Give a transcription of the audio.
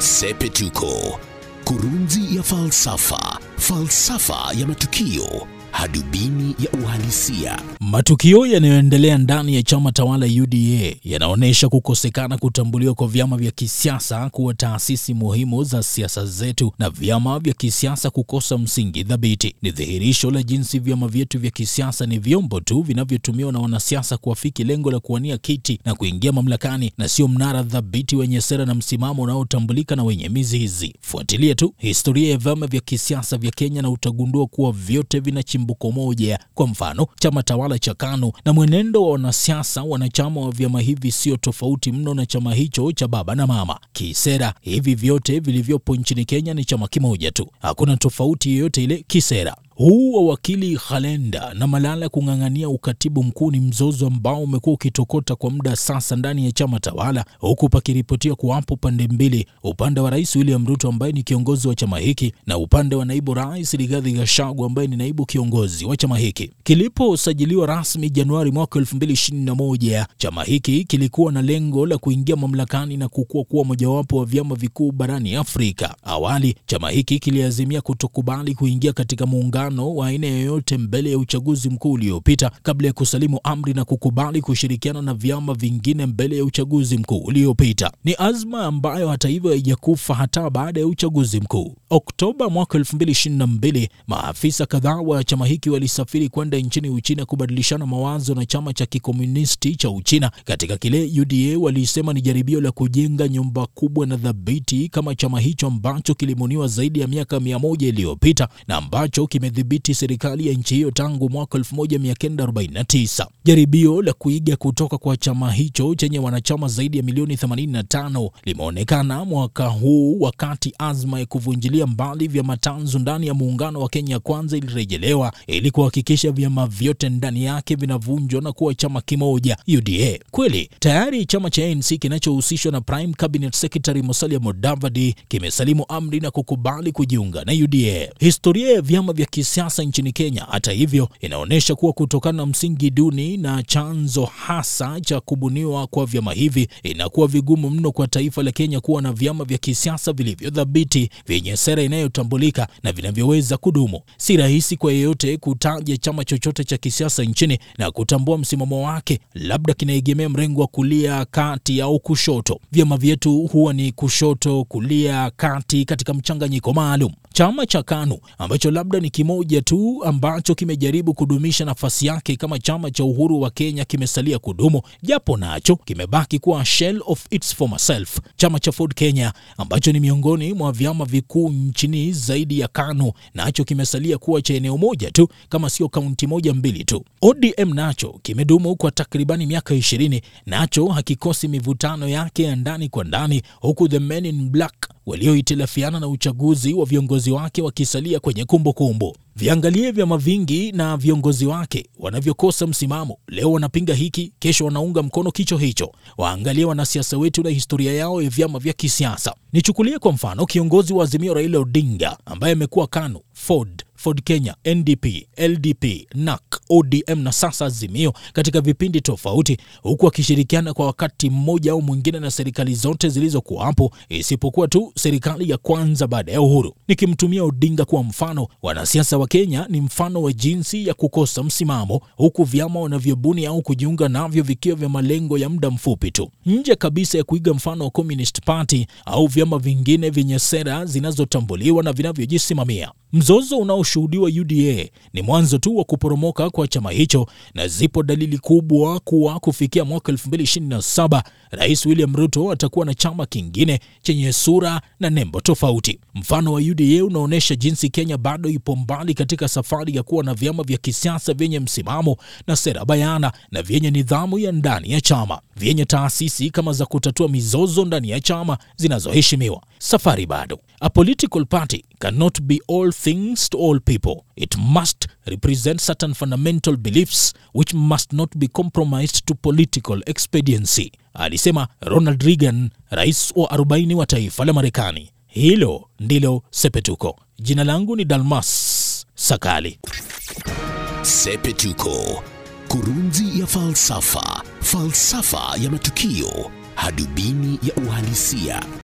Sepetuko, kurunzi ya falsafa, falsafa ya matukio hadubini ya uhalisia. Matukio yanayoendelea ndani ya chama tawala UDA yanaonyesha kukosekana kutambuliwa kwa vyama vya kisiasa kuwa taasisi muhimu za siasa zetu na vyama vya kisiasa kukosa msingi thabiti. Ni dhihirisho la jinsi vyama vyetu vya kisiasa ni vyombo tu vinavyotumiwa na wanasiasa kuafiki lengo la kuwania kiti na kuingia mamlakani na sio mnara thabiti wenye sera na msimamo unaotambulika na wenye mizizi. Fuatilia tu historia ya vyama vya kisiasa vya Kenya na utagundua kuwa vyote vinachimba chimbuko moja. Kwa mfano, chama tawala cha KANU na mwenendo wa wanasiasa wanachama wa vyama hivi sio tofauti mno na chama hicho cha baba na mama. Kisera hivi vyote vilivyopo nchini Kenya ni chama kimoja tu, hakuna tofauti yoyote ile kisera huu wa wakili Khalenda na Malala kung'ang'ania ukatibu mkuu ni mzozo ambao umekuwa ukitokota kwa muda sasa ndani ya chama tawala, huku pakiripotia kuwapo pande mbili, upande wa Rais William Ruto ambaye ni kiongozi wa chama hiki na upande wa naibu rais Rigathi Gachagua ambaye ni naibu kiongozi wa chama hiki. Kiliposajiliwa rasmi Januari mwaka moja, chama hiki kilikuwa na lengo la kuingia mamlakani na kukua kuwa mojawapo wa vyama vikuu barani Afrika. Awali chama hiki kiliazimia kutokubali kuingia katika muungano mvutano wa aina yoyote mbele ya uchaguzi mkuu uliopita kabla ya kusalimu amri na kukubali kushirikiana na vyama vingine mbele ya uchaguzi mkuu uliopita. Ni azma ambayo hata hivyo haijakufa hata baada ya uchaguzi mkuu. Oktoba mwaka 2022, maafisa kadhaa wa chama hiki walisafiri kwenda nchini Uchina kubadilishana mawazo na chama cha kikomunisti cha Uchina katika kile UDA walisema ni jaribio la kujenga nyumba kubwa na dhabiti kama chama hicho ambacho kilimuniwa zaidi ya miaka mia moja iliyopita na ambacho kime kudhibiti serikali ya nchi hiyo tangu mwaka 1949. Jaribio la kuiga kutoka kwa chama hicho chenye wanachama zaidi ya milioni 85 limeonekana mwaka huu wakati azma ya kuvunjilia mbali vyama tanzu ndani ya muungano wa Kenya Kwanza ilirejelewa ili kuhakikisha vyama vyote ndani yake vinavunjwa na kuwa chama kimoja UDA. Kweli tayari chama cha ANC kinachohusishwa na Prime Cabinet Secretary Musalia Mudavadi kimesalimu amri na kukubali kujiunga na UDA. Historia ya vyama vya siasa nchini Kenya, hata hivyo, inaonyesha kuwa kutokana na msingi duni na chanzo hasa cha kubuniwa kwa vyama hivi, inakuwa vigumu mno kwa taifa la Kenya kuwa na vyama vya kisiasa vilivyothabiti vyenye sera inayotambulika na vinavyoweza kudumu. Si rahisi kwa yeyote kutaja chama chochote cha kisiasa nchini na kutambua msimamo wake, labda kinaegemea mrengo wa kulia, kati au kushoto. Vyama vyetu huwa ni kushoto, kulia, kati katika mchanganyiko maalum. Chama cha KANU ambacho labda ni kimoja tu ambacho kimejaribu kudumisha nafasi yake kama chama cha uhuru wa Kenya kimesalia kudumu, japo nacho kimebaki kuwa shell of its former self. Chama cha Ford Kenya ambacho ni miongoni mwa vyama vikuu nchini zaidi ya KANU, nacho kimesalia kuwa cha eneo moja tu, kama sio kaunti moja mbili tu. ODM nacho kimedumu kwa takribani miaka ishirini, nacho hakikosi mivutano yake ya ndani kwa ndani, huku the men in black waliohitilafiana na uchaguzi wa viongozi viongozi wake wakisalia kwenye kumbukumbu Viangalie vyama vingi na viongozi wake wanavyokosa msimamo. Leo wanapinga hiki, kesho wanaunga mkono kicho hicho. Waangalie wanasiasa wetu na historia yao ya vyama vya kisiasa. Nichukulie kwa mfano kiongozi wa Azimio Raila Odinga ambaye amekuwa KANU, Ford, Ford Kenya, NDP, LDP, NAC, ODM na sasa Azimio katika vipindi tofauti, huku akishirikiana kwa wakati mmoja au mwingine na serikali zote zilizokuwapo isipokuwa tu serikali ya kwanza baada ya uhuru. Nikimtumia Odinga kwa mfano, wanasiasa wa Kenya ni mfano wa jinsi ya kukosa msimamo, huku vyama wanavyobuni au kujiunga navyo vikiwa vya malengo ya muda mfupi tu, nje kabisa ya kuiga mfano wa Communist Party au vyama vingine vyenye sera zinazotambuliwa na vinavyojisimamia. Mzozo unaosh unaoshuhudiwa UDA ni mwanzo tu wa kuporomoka kwa chama hicho na zipo dalili kubwa kuwa kufikia mwaka 2027 Rais William Ruto atakuwa na chama kingine chenye sura na nembo tofauti. Mfano wa UDA unaonyesha jinsi Kenya bado ipo mbali katika safari ya kuwa na vyama vya kisiasa vyenye msimamo na sera bayana na vyenye nidhamu ya ndani ya chama, vyenye taasisi kama za kutatua mizozo ndani ya chama zinazoheshimiwa. Safari bado. A political party cannot be all things to all people. It must represent certain fundamental beliefs which must not be compromised to political expediency alisema Ronald Reagan, rais wa 40 wa taifa la Marekani. Hilo ndilo Sepetuko. Jina langu ni Dalmas Sakali. Sepetuko, kurunzi ya falsafa, falsafa ya matukio, hadubini ya uhalisia.